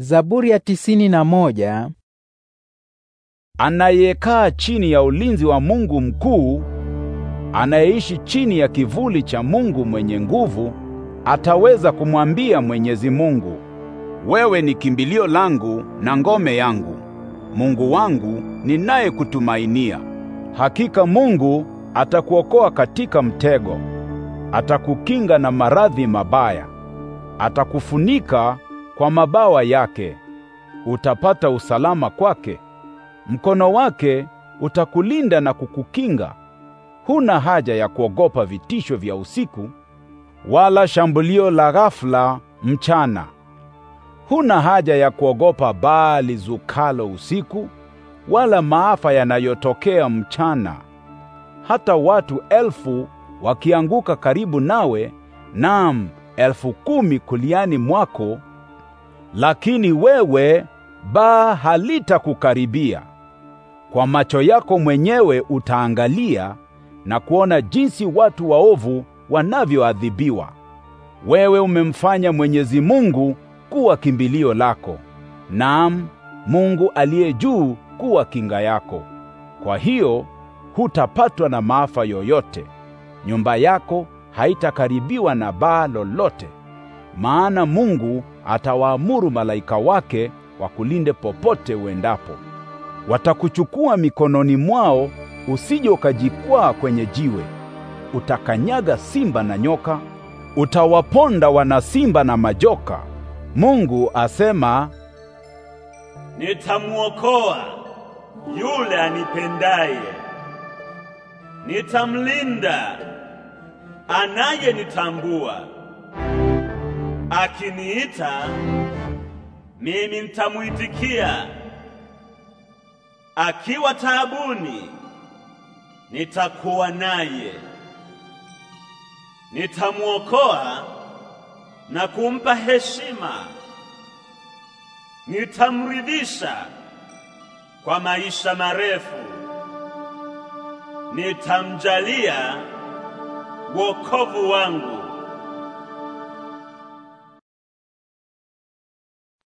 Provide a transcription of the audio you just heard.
Zaburi ya tisini na moja. Anayekaa chini ya ulinzi wa Mungu mkuu, anayeishi chini ya kivuli cha Mungu mwenye nguvu, ataweza kumwambia Mwenyezi Mungu, wewe ni kimbilio langu na ngome yangu, Mungu wangu ninayekutumainia. Hakika Mungu atakuokoa katika mtego, atakukinga na maradhi mabaya, atakufunika kwa mabawa yake utapata usalama kwake, mkono wake utakulinda na kukukinga. Huna haja ya kuogopa vitisho vya usiku, wala shambulio la ghafla mchana. Huna haja ya kuogopa baa lizukalo usiku, wala maafa yanayotokea mchana. Hata watu elfu wakianguka karibu nawe, naam elfu kumi kuliani mwako lakini wewe baa halitakukaribia. Kwa macho yako mwenyewe utaangalia na kuona jinsi watu waovu wanavyoadhibiwa. Wewe umemfanya Mwenyezi Mungu kuwa kimbilio lako, naam, Mungu aliye juu kuwa kinga yako. Kwa hiyo hutapatwa na maafa yoyote, nyumba yako haitakaribiwa na baa lolote maana Mungu atawaamuru malaika wake wakulinde popote uendapo. Watakuchukua mikononi mwao, usije ukajikwaa kwenye jiwe. Utakanyaga simba na nyoka, utawaponda wana simba na majoka. Mungu asema, nitamwokoa yule anipendaye, nitamlinda anayenitambua. Akiniita mimi nitamuitikia, akiwa taabuni nitakuwa naye, nitamuokoa na kumpa heshima, nitamridhisha kwa maisha marefu, nitamjalia wokovu wangu.